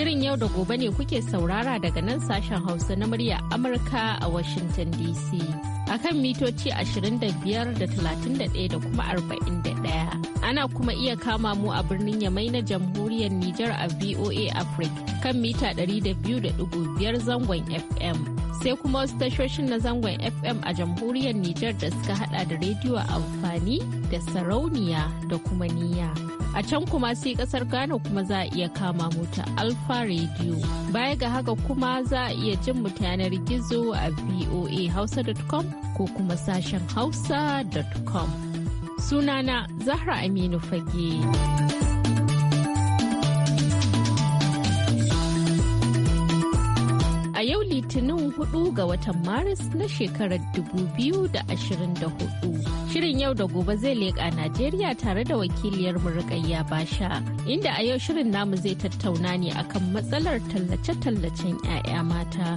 Shirin yau da gobe ne kuke saurara daga nan sashen Hausa na murya Amurka a Washington DC. A kan mitoci 25.31 da da kuma 41. Ana kuma iya kama mu a birnin Yamai na Jamhuriyar Nijar a VOA Africa kan mita 200.5 zangon FM. sai kuma wasu tashoshin na zangon fm a jamhuriyar Nijar da suka hada da rediyo a amfani da sarauniya da kuma niya a can kuma sai kasar ghana kuma za a iya kama mota ta alfa radio baya ga haka kuma za a iya jin mu yanar gizo a voa hausa.com ko kuma sashen hausa.com sunana zahra aminu fage. A yau Litinin 4 ga watan Maris na shekarar 2024. Shirin yau da gobe zai leƙa Najeriya tare da wakiliyar Murƙayya Basha, inda a yau shirin namu zai tattauna ne akan matsalar tallace-tallacen 'ya'ya mata.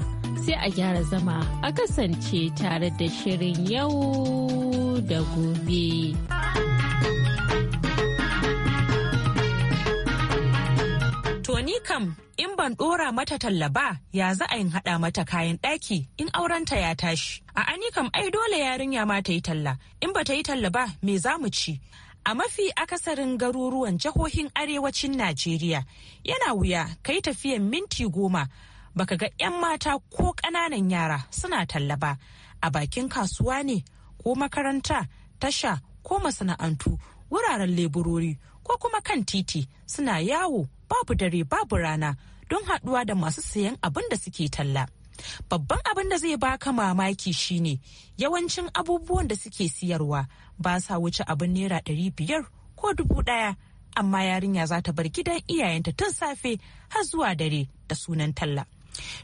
Sai a gyara zama a kasance tare da shirin yau da gobe. kam in ban dora mata talla ba ya za a yin hada mata kayan daki in aurenta ya tashi a ani kam ai dole yarinya ma ta yi talla in ba ta yi talla ba me za mu ci a mafi akasarin garuruwan jihohin arewacin najeriya yana wuya kai tafiyan minti goma baka ga 'yan mata ko ƙananan yara suna talla ba a bakin kasuwa ne ko makaranta tasha ko masana'antu wuraren leburori ko kuma kan titi suna yawo babu dare babu rana don haɗuwa da masu sayan abin da suke talla. Babban abin da zai baka mamaki shine yawancin abubuwan da suke siyarwa ba sa wuce abin naira ɗari biyar ko dubu ɗaya amma yarinya za ta bar gidan iyayenta tun safe har zuwa dare da sunan talla.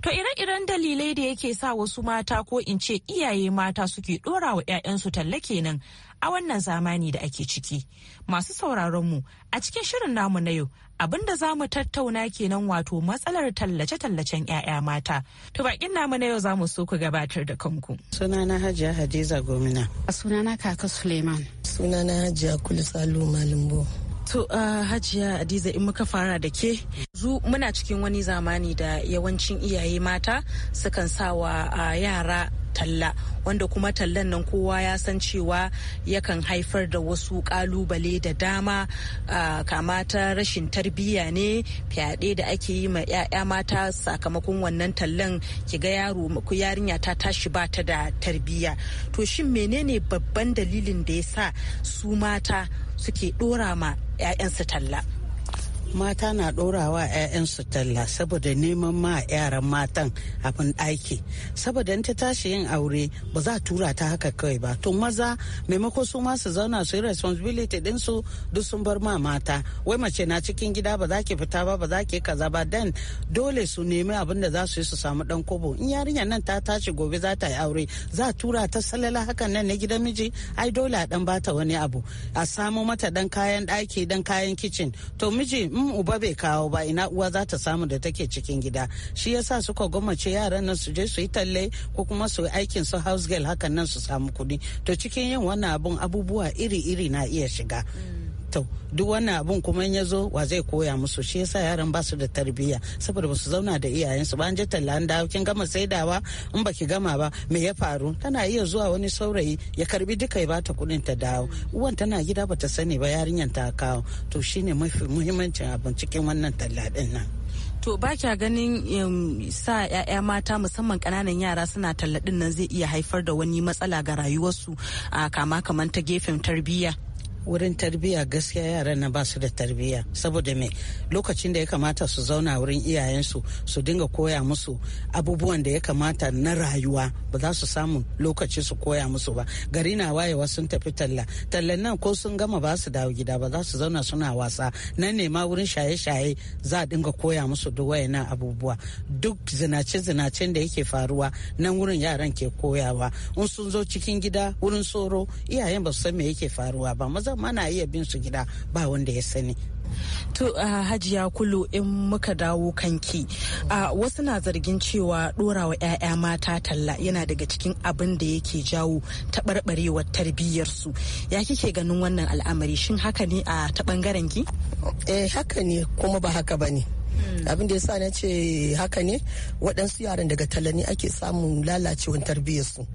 To ire-iren dalilai da yake sa wasu mata ko in ce iyaye mata suke ɗora wa 'ya'yansu talla kenan a wannan zamani da ake ciki. Masu sauraronmu a cikin shirin namu na yau abin da zamu tattauna kenan wato matsalar tallace-tallacen 'ya'ya mata. To bakin namu na yau zamu so ku gabatar da kanku. Sunana Hajiya Hadiza Gomina. A Sunana Kaka Suleiman. Sunana Hajiya Kulisalu Malumbo. To uh, Hajiya Adiza in muka fara da ke. Zu muna cikin wani zamani da yawancin iyaye mata sukan sawa uh, yara talla wanda kuma tallan nan kowa ya san cewa yakan haifar da wasu kalubale da dama kama ta rashin tarbiyya ne fyaɗe da ake yi ma 'ya'ya mata sakamakon wannan tallan kiga yaro ku yarinya ta tashi ba ta da tarbiyya to shin menene babban dalilin da ya sa su mata suke ɗora ma 'ya'yansu talla mata na ɗorawa 'ya'yansu talla saboda neman ma yaran matan abin aiki saboda ta tashi yin aure ba za a tura ta haka kawai ba to maza maimako su ma su zauna su yi responsibility ɗinsu duk sun bar ma mata wai mace na cikin gida ba za ki fita ba ba za ki kaza ba dan dole su nemi abin da za su yi su samu ɗan kobo in yarinyar nan ta tashi gobe za ta yi aure za a tura ta salala hakan nan na gidan miji ai dole a ɗan bata wani abu a samo mata ɗan kayan ɗaki dan kayan kicin to miji in uba bai kawo ba ina uwa za ta samu da take cikin gida shi yasa suka gwamace yaran nan su je su yi talle ko kuma su yi aikin su house girl hakan nan su samu kuɗi to cikin yin wannan abun abubuwa iri-iri na iya shiga to duk wannan abun kuma in ya zo wa zai koya musu shi yasa yaran basu da tarbiyya saboda basu zauna da iyayensu ba an je talla an dawo kin gama saidawa in baki gama ba me ya faru tana iya zuwa wani saurayi ya karbi duka ya bata kuɗin ta dawo uwan tana gida bata sani ba yarinyar ta kawo to shine mafi muhimmancin abin cikin wannan talla din nan to ba kya ganin sa 'ya'ya mata musamman kananan yara suna talla ɗin nan zai iya haifar da wani matsala ga rayuwarsu a kama kaman ta gefen tarbiyya wurin tarbiyya gaskiya yaran na ba su da tarbiyya saboda me lokacin da ya kamata su zauna wurin iyayensu su dinga koya musu abubuwan da ya kamata na rayuwa ba za su samu lokaci su koya musu ba gari na wayewa sun tafi talla tallan nan ko sun gama ba su dawo gida ba za su zauna suna wasa nan ne ma wurin shaye-shaye za a dinga koya musu duk wayannan abubuwa duk zinace-zinacen da yake faruwa nan wurin yaran ke koyawa in sun zo cikin gida wurin tsoro iyayen ba su san me yake faruwa ba maza zan mana iya bin su gida ba wanda ya sani To uh, hajiya kulu in muka dawo kanki uh, wasu na zargin cewa ɗorawa 'ya'ya mata talla yana daga cikin abin da yake jawo taɓarɓarewar tarbiyyarsu ya kike ganin wannan al'amari shin haka ne a ta ɓangaren ki? Eh haka ne kuma ba haka ba ne. Hmm. abin da yasa na ce haka ne waɗansu yaran daga talla ne ake samun lalacewar tarbiyyarsu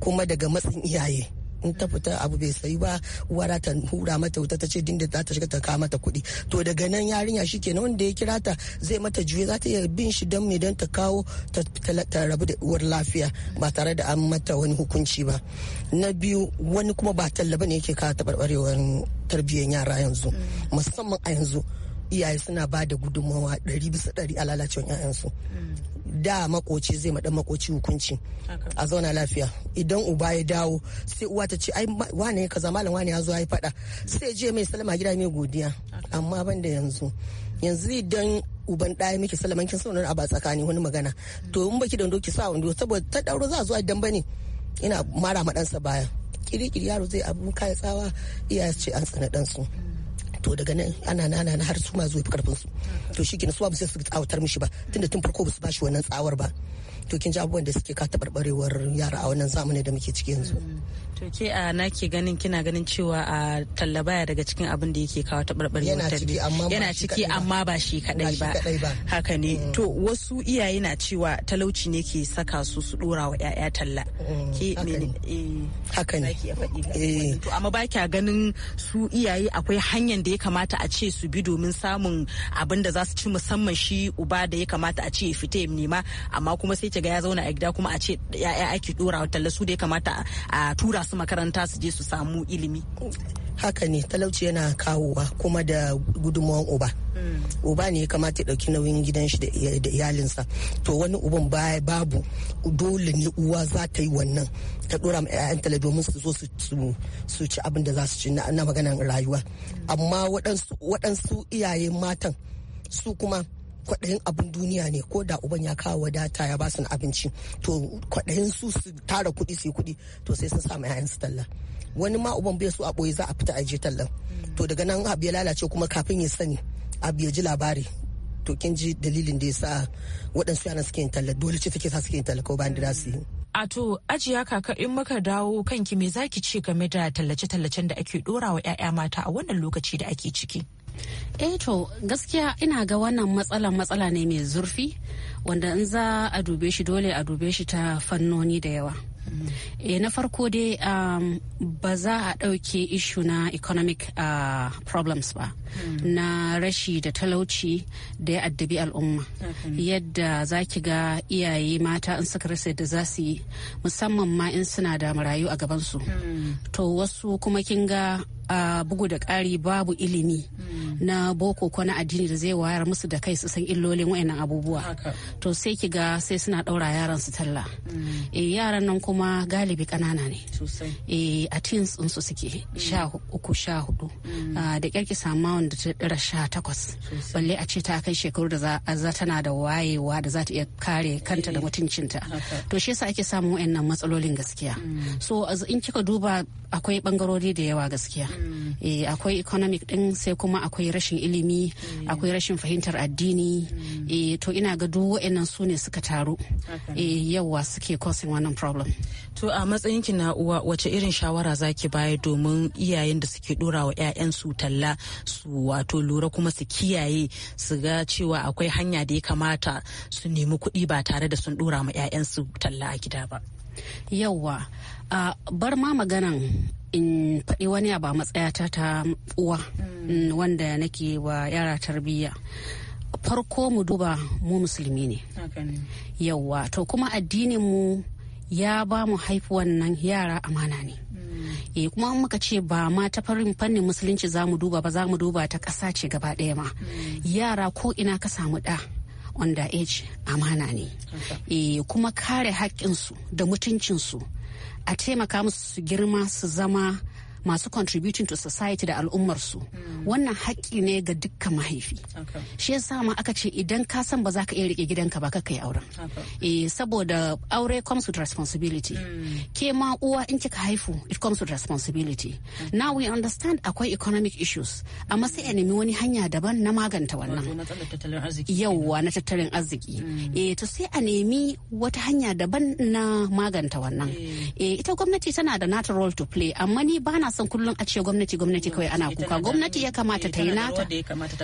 kuma daga matsin iyaye. in ta fita abu bai sayi ba uwa za ta hura mata wuta ta ce dinda za ta shiga ta kawo mata kuɗi to daga nan yarinya shi kenan wanda ya kira ta zai mata juye za ta iya bin shi don me don ta kawo ta rabu da uwar lafiya ba tare da an mata wani hukunci ba na biyu wani kuma ba talla ne yake kawo taɓarɓarewar tarbiyyar yara yanzu musamman a yanzu iyaye suna ba da gudunmawa ɗari bisa ɗari a lalacewar 'ya'yansu mm. da makoci zai maɗan makoci hukunci a zauna lafiya idan uba ya dawo sai uwa ta ce ai wane ya kaza malam wane ya zo ya faɗa sai je mai salama gida mai godiya amma ban da yanzu yanzu idan uban ɗaya miki salaman kin sanar a ba tsakani wani magana mm. to in baki da wando ki sa wando saboda ta ɗauro za a zo a bane ina mara ma baya baya kiri yaro zai abun kaya tsawa iyaye ce an tsana ɗansu. Mm. to daga nan ana nana na har su ma zuwa karfin su to shi kenan su ba su tsawatar mishi ba tunda tun farko ba su ba shi wannan tsawar ba to kin ji abubuwan da suke ka taɓarɓarewar yara a wannan zamanin da muke ciki yanzu. Mm. To ke a na ke ganin kina ganin cewa a talla baya daga cikin abin da yake kawo taɓarɓarewar tarbiyya. Yana ciki amma ba shi kaɗai ba. Haka ne. Mm. To wasu iyaye na cewa talauci ne ke saka su su ɗora wa 'ya'ya talla. Mm. Ke haka ne. Eh. Eh. To amma ba kya ganin su iyaye akwai hanyar da ya kamata a ce su bi domin samun abin da za su ci musamman shi uba da ya kamata a ce ya fita ya nema amma kuma sai ga ya zauna a gida kuma a ce ya'ya ake dora wa talla su da ya kamata a tura su makaranta su je su samu ilimi haka ne talauci yana kawowa kuma da gudunmawan uba mm. uba ne ya kamata ya dauki nauyin gidan shi da iyalinsa to wani uban baya babu dole ne uwa za ta yi wannan ta dora ma 'ya'yan tala domin su zo su ci abin da za su ci na maganan rayuwa mm. amma waɗansu iyayen matan su kuma kwaɗayin abin duniya ne ko da uban ya kawo wadata ya ba su na abinci to kwaɗayin su su tara kuɗi su yi kuɗi to sai sun sa ma 'ya'yan su talla wani ma uban bai so a ɓoye za a fita a je tallan to daga nan abu ya lalace kuma kafin ya sani abu ya ji labari to kin ji dalilin da ya sa waɗansu yana suke yin talla dole ce take sa suke yin talla ko bayan da su yi a to ajiya kaka in muka dawo kanki me zaki ce game da tallace-tallacen da ake dorawa 'ya'ya mata a wannan lokaci da ake ciki eh to gaskiya ina ga wannan matsala matsala ne mai zurfi wanda in za a dube shi dole a dube shi ta fannoni da yawa eh e, na farko dai um, ba za a ɗauke ishu na economic uh, problems ba Hmm. na rashi da talauci da ya addabi al'umma yadda za ki ga iyaye mata in suka rasa da za su yi musamman ma in suna da marayu a gabansu hmm. to wasu kuma kin ga a bugu da ƙari babu ilimi hmm. na boko ko na addini da zai wayar musu da kai su san illolin wayannan abubuwa to sai ki ga sai suna ɗaura yaran su talla eh, yaran nan kuma galibi ƙanana ne e, a teens su suke sha uku sha hudu ah, da sama wanda ta ɗara sha takwas balle a ce ta kai shekaru da za tana da wayewa da za ta iya kare kanta da eh, mutuncinta to shi yasa ake samun wayannan matsalolin gaskiya mm. so in kika duba akwai bangarori da yawa gaskiya mm. eh, akwai economic din sai kuma akwai rashin ilimi mm. akwai rashin fahimtar addini eh, to ina ga duk wayannan su ne suka taru yawa suke causing wannan problem to a matsayinki na uwa wace irin shawara zaki baya domin iyayen da suke dora wa yayan su talla su wato lura kuma su kiyaye su ga cewa akwai hanya da ya kamata su nemi kuɗi ba tare da sun ɗora ma 'ya'yansu talla a gida ba. Yawwa, a bar ma maganan in faɗi wani ba matsayata ta uwa mm, wanda nake wa yara tarbiyya. Farko mu duba mu musulmi ne. Yawwa, to kuma addinin mu ya ba mu haifi wannan yara amana ne. eh kuma an muka ce ba ma ta farin fannin musulunci za mu duba ba za mu duba ta ƙasa ce gaba ɗaya ma yara ko ina ka samu ɗa under age amana ne e, kuma kare haƙƙinsu da mutuncinsu a taimaka musu su girma su zama masu contributing to society da al'ummarsu wannan haƙƙi ne ga dukkan mahaifi shi yasa ma aka ce idan ka san ba za ka iya rike gidanka ba kai auren eh saboda aure comes with responsibility hmm. ke ma uwa in kika haifu it comes with responsibility now we understand akwai economic issues amma sai a nemi wani hanya daban na maganta wannan yauwa na tattalin arziki hmm. eh to sai a nemi wata hanya daban na maganta wannan eh, eh ita gwamnati tana da natural role to play amma ni bana son kullum a ce gwamnati gwamnati kawai ana kuka gwamnati ya kamata ta yi nata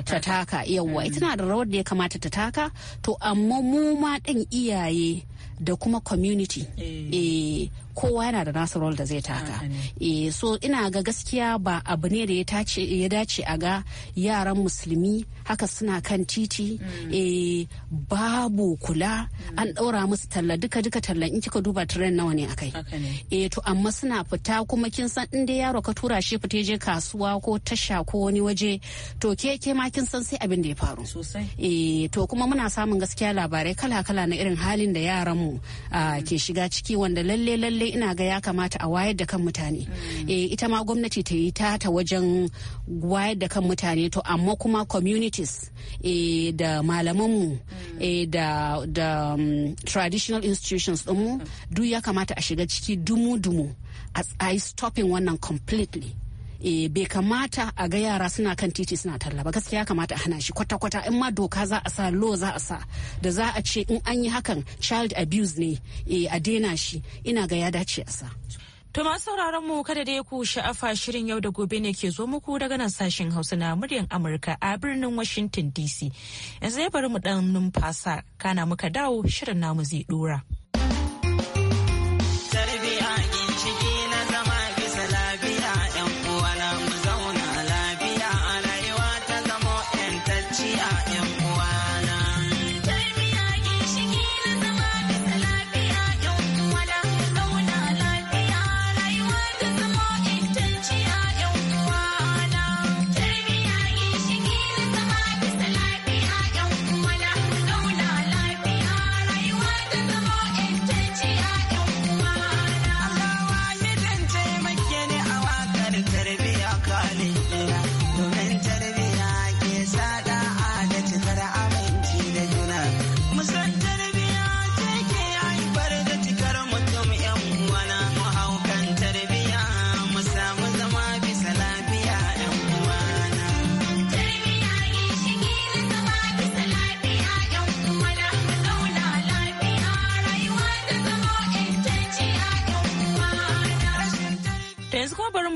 ta taka yawwa ita na da rawar da ya kamata ta taka to amma mu ma ɗan iyaye da kuma community e, kowa yana da nasa role da zai taka e, so ina ga gaskiya ba abu ne da ya dace a ga yaran musulmi haka suna kan titi mm. e, babu kula mm. an ɗaura musu talla duka duka talla in kika duba trend nawa ne akai e, to amma suna fita kuma kin san in dai yaro ka tura shi fita je kasuwa ko tasha ko wani waje to ke ke ma kin san sai abin da ya faru e, to kuma muna samun gaskiya labarai kala kala na irin halin da yaran a ah, ke shiga ciki wanda lalle lalle ina ga ya kamata a wayar da kan mutane eh, ita ma gwamnati ta yi ta ta wajen wayar da kan mutane to amma kuma communities eh, da malamanmu eh, da da mm, traditional institutions mu duk ya kamata a shiga ciki dumu-dumu i stopping wannan completely e, bai kamata a ga yara suna kan titi suna talla ba gaskiya kamata a hana shi kwata-kwata in ma doka za a sa lo za a sa da za a ce in an yi hakan child abuse ne e, a daina shi ina ga ya dace a sa. To masu sauraron mu kada dai ku sha'afa shirin yau da gobe ne ke zo muku daga nan sashen Hausa na muryar Amurka a birnin Washington DC. Yanzu ya bari mu dan numfasa kana muka dawo shirin namu zai dora.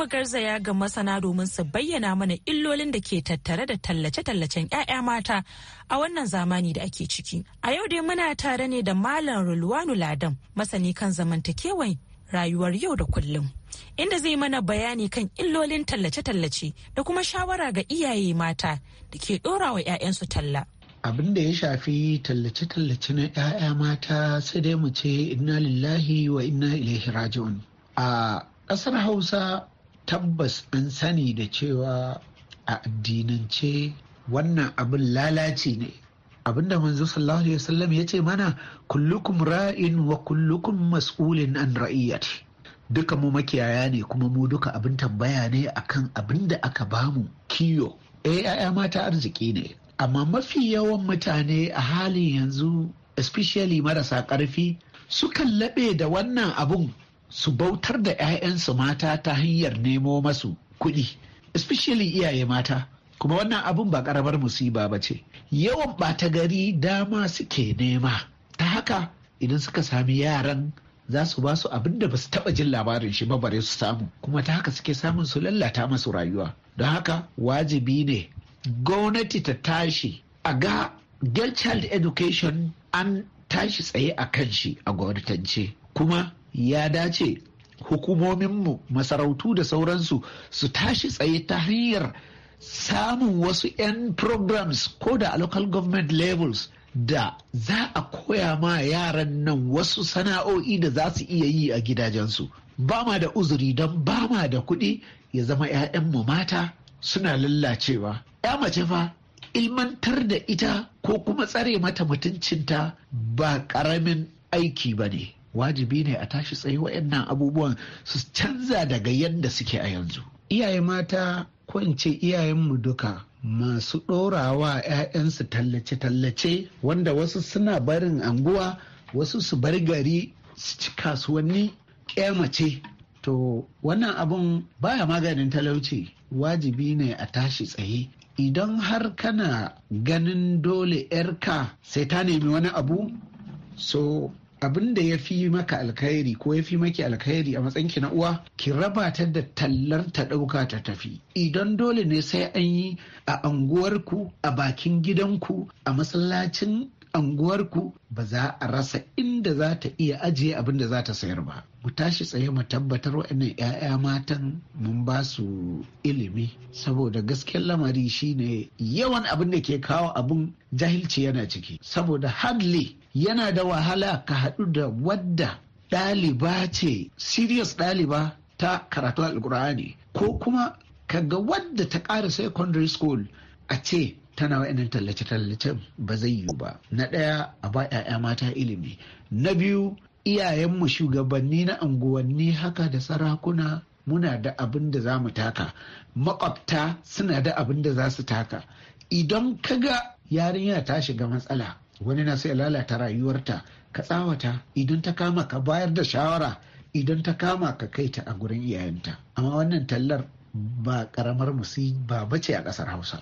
garzaya ga masana domin su bayyana mana illolin da ke tattare da tallace-tallacen 'ya'ya mata a wannan zamani da ake ciki. A yau dai muna tare ne da Malam Rulwanu Ladan, masani kan zamantakewan rayuwar yau da kullum. Inda zai mana bayani kan illolin tallace-tallace da kuma shawara ga iyaye mata da ke ɗorawa 'ya'yansu talla. Abin da ya shafi tallace-tallace na 'ya'ya mata sai dai mu ce inna lillahi wa inna ilaihi raji'un. A ƙasar Hausa tabbas an sani da cewa a addinance wannan abin lalaci ne abinda manzo sallallahu alaihi wasallam ya ce mana kullukum ra'in wa kullukum mas'ulin an ra'iyati duka mu makiyaya ne kuma mu duka abin tambaya ne akan abin da aka bamu kiyo eh ya'ya mata arziki ne amma mafi yawan mutane a halin yanzu especially marasa ƙarfi sukan laɓe da wannan abun su bautar da 'ya'yansu mata ta hanyar nemo masu kuɗi especially iyaye mata kuma wannan abun ba karamar musiba ba ce yawan ɓata gari dama suke nema ta haka idan suka sami yaran za su ba su abin da ba su taɓa jin labarin shi ba bare su samu kuma ta haka suke samun su lallata masu rayuwa don haka wajibi ne gwamnati ta tashi a ga girl child education an tashi tsaye a kan shi a gwamnatance kuma ya dace hukumominmu masarautu da sauransu su tashi tsaye ta hanyar samun wasu 'yan programs ko da a local government levels da za a koya ma yaran nan wasu sana'o'i da za su iya yi a gidajensu ba ma da uzuri don ba ma da kuɗi ya zama 'ya'yanmu mata suna lallacewa ya mace fa ilmantar da ita ko kuma tsare mata mutuncinta ba ƙaramin aiki ba ne wajibi ne a tashi tsaye waɗannan abubuwan su canza daga yadda suke a yanzu iyaye mata ko in ce iyayenmu duka masu ɗorawa 'ya'yansu tallace-tallace wanda wasu suna barin anguwa wasu su bar gari su ci kasuwanni ƙyamace, to wannan abun baya maganin talauci wajibi ne a tashi tsaye idan har kana ganin dole 'yarka sai ta nemi wani abu so abin da ya fi maka alkhairi ko ya fi maki alkhairi a ki na uwa ki raba ta da tallar ta ɗauka ta tafi idan dole ne sai an yi a anguwarku a bakin gidanku a masallacin anguwarku ba za a rasa inda za ta iya ajiye abin da za ta sayar ba mu tashi tsaye mu tabbatar wa'annan 'ya'ya matan mun ba su ilimi saboda gaskiyar lamari shine yawan abin da ke kawo abin jahilci yana ciki saboda hadley yana da wahala ka haɗu da wadda ɗaliba ce serious ɗaliba ta karatu alkur'ani ko kuma ka ga wadda ta ƙara secondary school a ce tana wa'annan tallace-tallace ba zai yiwu ba na ɗaya a ba 'ya'ya mata ilimi na biyu iyayenmu shugabanni na unguwanni haka da sarakuna muna da abin da za mu taka makwabta suna da abin da za su taka idan ka ga yarinya ta shiga matsala wani na sai lalata rayuwarta ka tsawata idan ta kama ka bayar da shawara idan ta kama ka kai ta a gurin iyayenta amma wannan tallar ba karamar musi ba ce a kasar hausa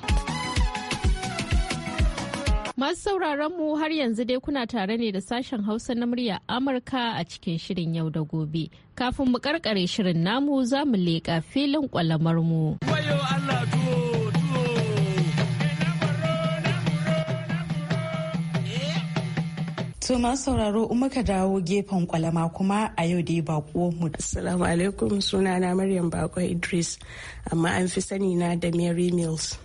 masu sauraron mu har yanzu dai kuna tare ne da sashen hausa na murya amurka a cikin shirin yau da gobe kafin mu karkare shirin namu za mu leƙa filin kwalamar mu. To masu sauraro in muka dawo gefen kwalama kuma a yau dai bako mu. Assalamu alaikum sunana Maryam Bako Idris amma an fi sani na da Mary Mills.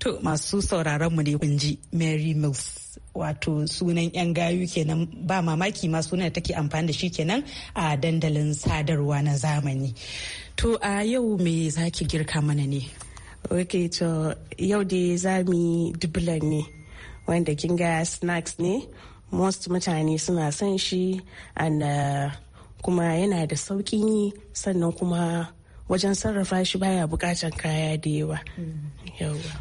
To masu sauraron mu ne kun ji Mary Mills wato sunan yan gayu kenan ba mamaki ma sunan da take amfani da shi kenan a dandalin sadarwa na zamani. To a yau me zaki girka mana ne? Ok to yau dai za mu ne wanda kin ga snacks ne most mutane suna son shi and uh, kuma yana da sauƙin yi sannan kuma wajen sarrafa shi baya bukatan kaya da yawa.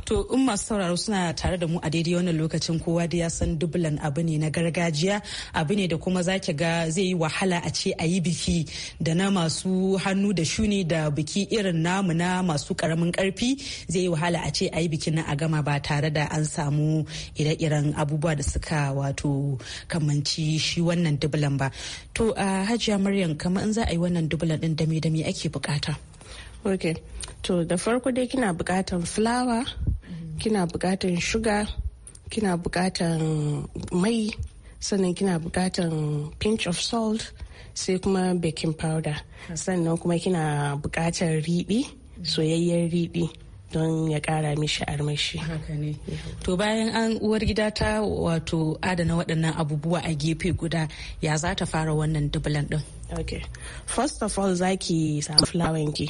To in masu sauraro suna tare da mu a daidai wannan lokacin kowa da ya san Dublan abu ne na gargajiya abu ne da kuma zaki ga zai yi wahala a ce a yi biki da na masu hannu da shuni da biki irin namu na masu karamin karfi zai yi wahala a ce a yi bikin na a gama ba tare da an samu ire-iren abubuwa da suka wato kamanci shi wannan Dublan ba. To a Hajiya Maryam kamar in za a yi wannan Dublan din dame-dame ake bukata. ok to da farko dai kina bukatan fulawa kina bukatan shuga kina bukatan mai sannan kina bukatan pinch of salt sai kuma baking powder sannan kuma kina bukatan riɗi soyayyen riɗi don ya kara mishi armashi. To bayan an uwar gida ta wato adana waɗannan abubuwa a gefe guda ya za ta fara wannan dubulan ɗin? okay first of all zaki samu fulawan ki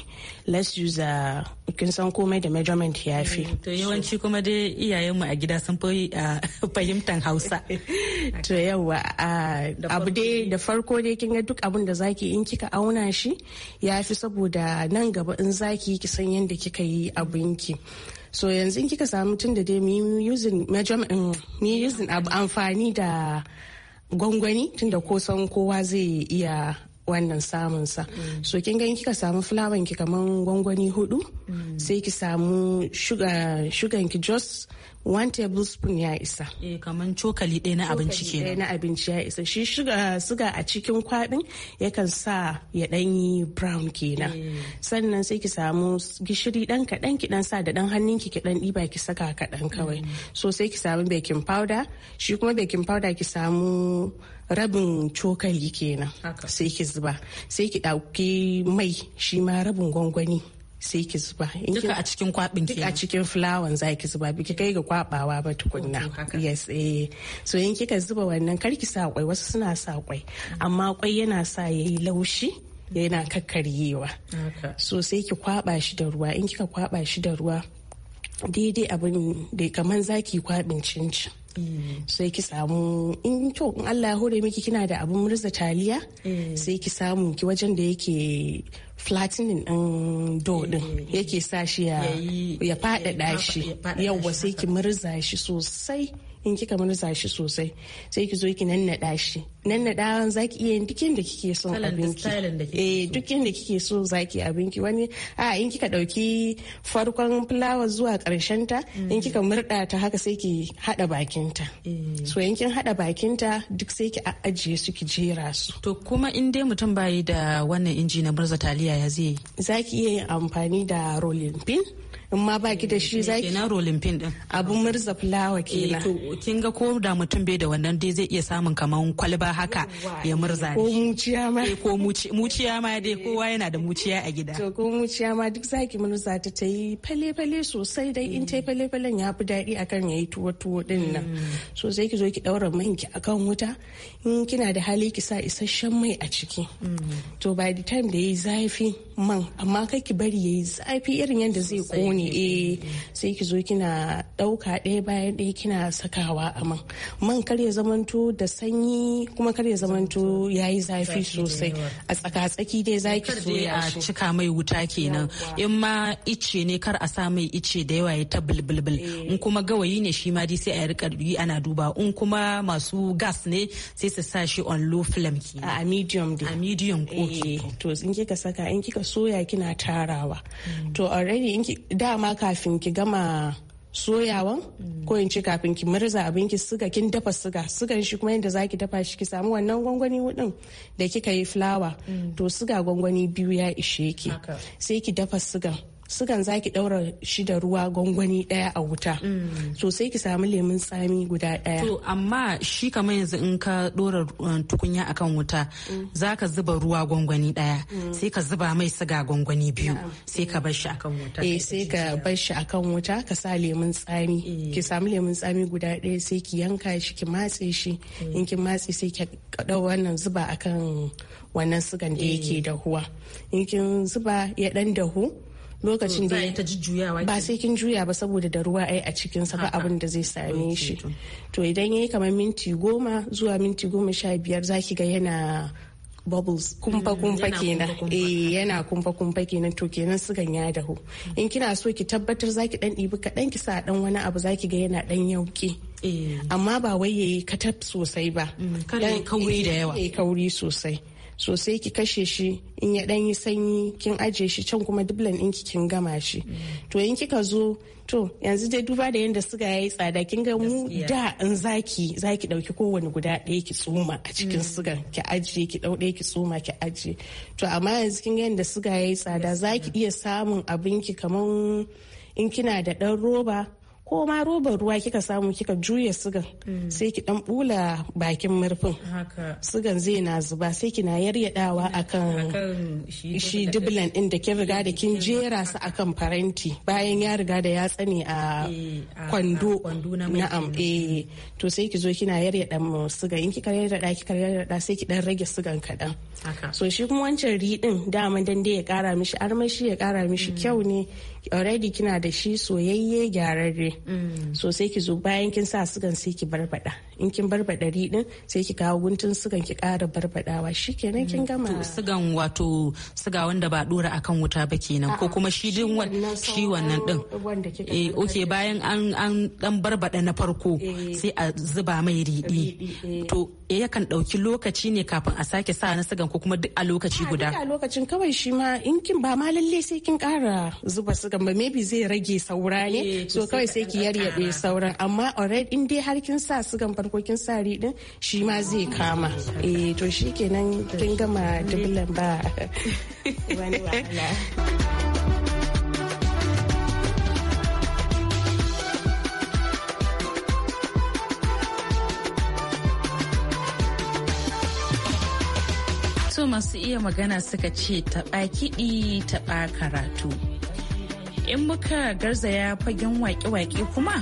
let's use a uh, kin san komai da measurement ya fi eh, to yawanci kuma dai iyayen mu a gida sun fi uh, fahimtan hausa to yawa uh, abu dai da farko dai kin ga duk abin da zaki in kika auna shi ya fi saboda nan gaba in zaki ki san yadda kika yi ki so yanzu in kika samu tun da dai mu using measurement mm, mu using abu amfani da gwangwani tunda kosan kowa zai iya wannan samun sa so kin ga kika samu fulawan ki kaman gwangwani hudu sai ki samu sugar ki just one tablespoon ya isa eh kaman cokali ɗaya na abinci ke na abinci ya isa shi suga a cikin kwaɗin yakan sa ya ɗan yi brown kenan eh. sannan sai ki samu gishiri ɗan kaɗan ki ɗan sa da ɗan hannun ki ki ɗan ɗiba ki saka kaɗan kawai mm. so sai ki samu baking powder shi kuma baking powder ki samu rabin cokali kenan sai ki zuba sai ki ɗauki mai shi ma rabin gwangwani sai ki zuba duka a cikin kwabin ke a cikin fulawan za ki zuba biki kai ga kwabawa ba tukunna yes eh so in kika zuba wannan kar ki sa kwai wasu suna sa kwai amma kwai yana sa yayi laushi yana kakkaryewa so sai ki kwaba shi da ruwa in kika kwaba shi da ruwa daidai abin da kamar zaki kwabin cincin Mm. sai ki samu in to in Allah ya hore miki kina da abun murza taliya mm. sai ki samu ki wajen da yake flattening din do din mm. yake sa shi ya faɗaɗa shi yauwa sai ki murza shi sosai in kika murza shi sosai sai ki zo ki nannaɗa shi nannaɗawan za ki iya yin dukkan da kike eh, so abinki eh da kike so za ki abinki wani a in kika ɗauki farkon fulawa zuwa ƙarshen ta in kika murɗa ta haka sai ki haɗa bakin ta eh. so in kin haɗa bakin ta duk sai ki ajiye su ki jera su to kuma in dai mutum bayi da wannan inji na murza taliya ya zai za ki iya yin amfani da rolling pin in ma ba ki da shi za ki kenan rolin pin din abun murza fulawa eh, na. to kin ga ko da mutum bai da wannan dai zai iya samun kaman kwalba haka ya murza ko muciya ma eh, ko muciya ma dai kowa yana da muciya a gida to ko muciya ma duk za ki murza ta ta yi fale fale sosai dai in ta yi fale falen ya fi daɗi akan ya yi tuwo tuwo din nan mm. so sai ki zo ki daura man ki akan wuta in kina da hali ki sa isasshen mai a ciki mm. to by the time da yayi zafi man amma kai ki bari yayi zafi irin yadda zai ƙone. ne eh sai ki zo kina ɗauka ɗaya bayan ɗaya kina sakawa a man man kar ya zamanto da sanyi kuma kar ya zamanto yayi zafi sosai a tsaka-tsaki dai zaki soya ya cika mai wuta kenan in ma ice ne kar a sa mai ice da yawa ya ta bulbulbul eh. in kuma gawayi ne shi ma dai sai a rika yi ana duba in kuma masu gas ne sai su sa shi on low flame kenan a medium dai a medium eh, ko to in kika saka in kika soya kina tarawa mm. to already in ki. dama kafin ki gama soyawan ko in ce kafin ki murza abin ki suga kin dafa suga sugan shi kuma yadda zaki dafa shi ki samu wannan gwangwani hudun da kika yi fulawa mm. to suga gwangwani biyu ya ishe ki sai ki dafa sugan sugan za ki ɗaura shi da ruwa gwangwani ɗaya a wuta mm. so sai ki samu lemun tsami guda ɗaya to amma shi kamar yanzu in ka ɗora eh, tukunya akan wuta mm. za ka zuba ruwa gwangwani daya mm. sai ka zuba mai siga gwangwani biyu sai ka bar shi akan wuta eh sai ka bar shi akan wuta ka sa lemun tsami eh. ki samu lemun tsami guda ɗaya sai ki yanka shi ki matse shi eh. in kin matse sai ki ɗau wannan zuba akan wannan sigan da yake dahuwa in kin zuba ya ɗan dahu lokacin hmm, da ba sai kin juya ba saboda da ruwa ai a cikin sa ba abin da zai same shi to idan yayi kamar minti goma zuwa minti goma sha biyar zaki ga yana bubbles hmm, kumfa kumfa kenan eh yana kumfa kumfa kenan to kenan sukan ya dahu hmm. in kina so ki tabbatar zaki dan ɗibi kaɗan ki sa dan wani abu zaki ga yana dan yauki eh. amma ba wai yayi katab sosai ba kada kauri da yawa eh kauri sosai sosai ki kashe shi in ya dan yi sanyi kin aje shi can kuma dublan ɗinki kin gama shi to in kika zo to yanzu dai duba da yadda suga ya yi tsada kin ga mu da in zaki zaki dauki kowane guda ɗaya ki tsoma a cikin mm. suga ki ajiye ki dau ɗaya ki tsoma ki ajiye to amma yanzu kin ga yadda suga ya yi tsada zaki iya samun abinki kaman in kina da ɗan roba ko ma robar ruwa kika samu kika juya sigan mm. sai ki dan bula bakin murfin sigan zai na zuba sai kina yaryadawa mm. akan shi dublan din da kin riga da kin jera su akan faranti bayan ya riga da ya tsane a eh, kwando am eh to sai ki zo kina yaryada sigan in kika yaryada kika yaryada sai ki dan rage sigan kadan so shi kuma wancan ridin daman dan dai ya kara mishi armashi ya kara mishi mm. kyau ne already kina da shi soyayye gyararre mm. so sai ki zo bayan kin sa sugan sai ki barbada in kin barbada din sai ki kawo guntun sugan ki kara barbadawa shikenan kin mm. gama sugan wato suga wanda ba dora akan wuta ba kenan ko ah, kuma shi din shi wannan din eh okay bayan an an dan barbada na farko eh. sai a zuba mai riɗi eh. to eh, yakan ɗauki lokaci ne kafin a sake sa na sugan ko kuma duk a lokaci ah, guda a lokacin kawai shi ma in kin ba ma lalle sai kin kara zuba sugan ba maybe zai rage saura ne eh, so kawai sai ki yaryaɗe sauran amma already in dai har kin sa sugan farko kin sa riɗin shi ma zai kama eh to shikenan kin gama dubulan ba masu iya magana suka ce taɓa kiɗi taɓa karatu in muka garza garzaya fagen waƙe-waƙe kuma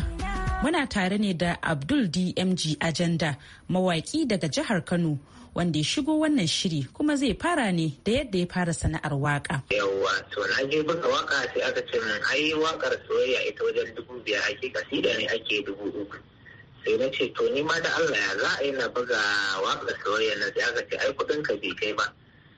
muna tare ne da abdul dmg agenda mawaƙi daga jihar kano wanda ya shigo wannan shiri kuma zai fara ne da yadda ya fara sana'ar waka. Yawwa, to na je buga waka sai aka ce min ai wakar soyayya ita wajen dubu biyar ake kasida ne ake dubu uku. Sai na ce to ni ma da Allah ya za a yi na buga wakar soyayya na sai aka ce ai kuɗinka ka bai kai ba.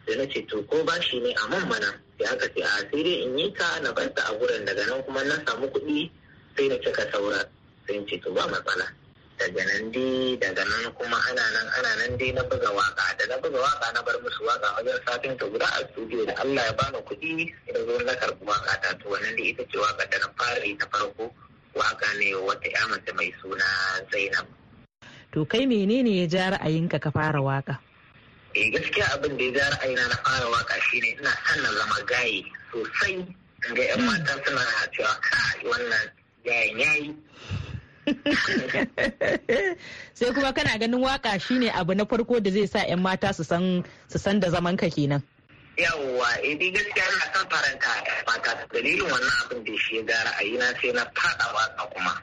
sai na ce to ko bashi ne a man mana sai aka ce a sai in yi ka na bar a gurin daga nan kuma na samu kuɗi sai na cika saura sai ce to ba matsala daga nan dai daga nan kuma ana nan ana nan dai na buga waka da na buga waka na bar musu waka wajen satin ta guda a studio da Allah ya bani kuɗi da zo na karɓi waka ta to wannan dai ita ce waka da na fara ta farko waka ne wata ya mace mai suna Zainab to kai menene ya ja ra'ayinka ka fara waka eh gaskiya abin da ya ja ra'ayina na fara waka shine ina son na zama gaye sosai ga yan mata suna cewa ka wannan yayin yayi sai kuma kana ganin waka shine abu na farko da zai sa yan mata su san su san da zaman ka kenan yawwa eh, idan gaskiya ina son faranta mata dalilin wannan abin da shi ya ga ra'ayina sai na fada waka kuma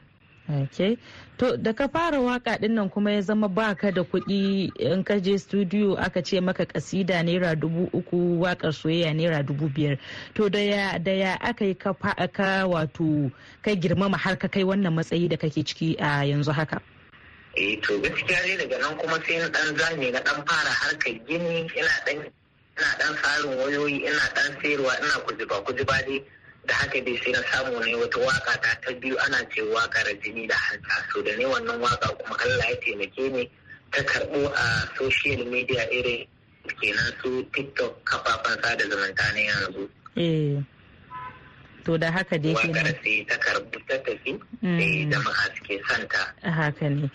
okay To da ka fara waka din kuma ya zama baka da kuɗi in ka je studio aka ce maka kasida naira dubu uku wakar soyayya naira dubu biyar. To da ya da ya aka yi ka wato kai girmama har ka kai wannan matsayi da kake ciki a yanzu haka. Eh to gaskiya ne daga nan kuma sai na dan zame na dan fara harkar gini ina dan ina dan tsarin wayoyi ina dan sayarwa ina kujiba kujiba dai da haka dai sai na samu ne wata waka ta ta biyu ana ce wakar jini da hanta so da ne wannan waka kuma Allah ya taimake ni ta karbo a social media irin kenan su tiktok kafafen sada zumunta ne yanzu eh. to da haka dai kenan wakar sai ta karbu ta tafi sai mm. eh, jama'a suke santa haka ne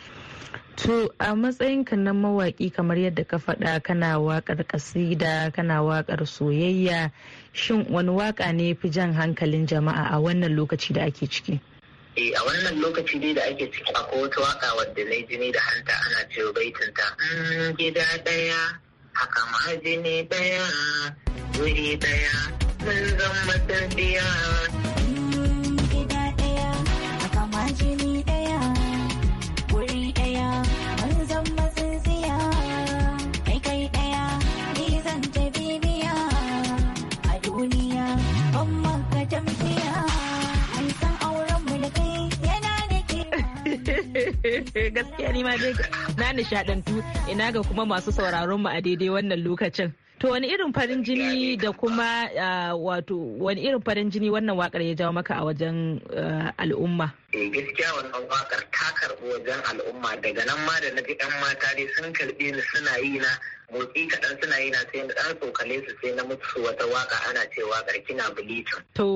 To a matsayinka na mawaƙi kamar yadda ka faɗa kana waƙar ƙasida kana waƙar soyayya shin wani waƙa ne fi jan hankalin jama'a a wannan lokaci da ake ciki? Eh, a wannan lokaci dai da ake ciki akwai wata waka wadda na jini da hanta ana cewa baitinta mm, gida ɗaya haka ma jini ɗaya wuri ɗaya mun zama tafiya Gaskiya ni ma dai na nishadantu ina ga kuma masu sauraron mu a daidai wannan lokacin. To wani irin farin jini da kuma wato wani irin farin jini wannan wakar ya jawo maka a wajen al'umma? gaskiya wannan wakar ta karɓi wajen al'umma daga nan ma da na ji 'yan mata dai sun karɓe ni suna yi na motsi kaɗan suna yi na sai ɗan tsokale su sai na mutu wata waka ana ce wakar kina bilicin. To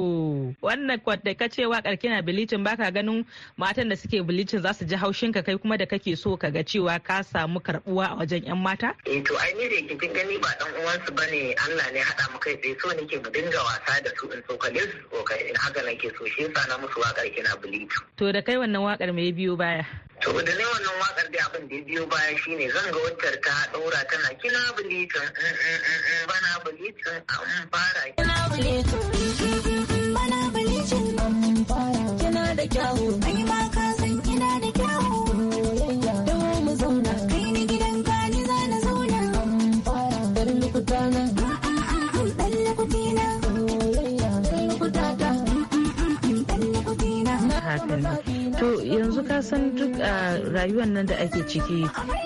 wannan kwadda ka ce wakar kina bilicin baka ganin matan da suke bilicin za su ji haushin ka kai kuma da kake so ka ga cewa ka samu karbuwa a wajen yan mata? Eh to ai ni da kin gani ba ɗan uwansu ba ne. Allah ne haɗa mu kai tsaye so ke mu dinga wasa da su in tsokale su tsokale in haka nake so shi yasa na musu wakar kina bilicin. To da kai wannan waƙar me biyo baya? To da ne wannan waƙar da abin da ya biyo baya shine zan ga wacce ta ɗora tana kina bulita eh, eh, eh, bana bulita an ah, mm, fara kina bulita bana bulita an fara kina da kyawu san duk rayuwar nan da ake ciki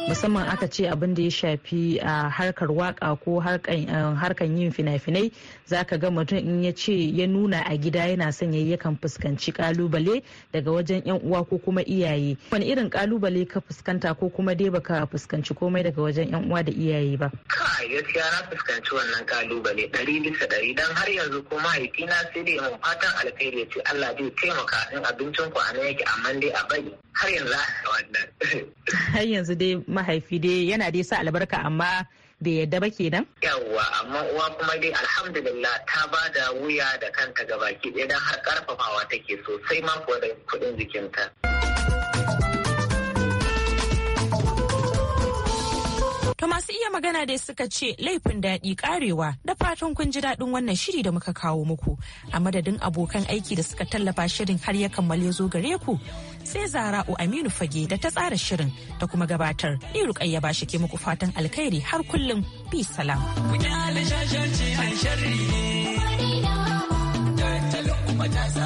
musamman aka ce abin da ya shafi a harkar waka ko harkar yin fina-finai za ka ga mutum in ya ce ya nuna a gida yana son ya yakan fuskanci kalubale daga wajen yan uwa ko kuma iyaye wani irin kalubale ka fuskanta ko kuma dai baka fuskanci komai daga wajen yan uwa da iyaye ba kai gaskiya na fuskanci wannan kalubale ɗari bisa ɗari dan har yanzu ko mahaifina sai dai mun fatan alkhairi ya ce Allah zai taimaka in abincin ku a yake amma dai a bari har yanzu haka wannan har yanzu dai mahaifi dai yana dai sa albarka amma bai yadda ba kenan yawwa amma uwa kuma dai alhamdulillah ta ba da wuya da kanta gabaki ɗaya don har karfafawa take sosai ma kuwa da kuɗin jikinta. To masu iya magana dai suka ce laifin daɗi karewa da fatan kun ji daɗin wannan shiri da muka kawo muku. A madadin abokan aiki da suka tallafa shirin har ya kammale zo gare ku sai Zara'u Aminu Fage da ta tsara shirin da kuma gabatar. Ni Rukayya ba shi ke muku fatan alkhairi har kullum bi salam.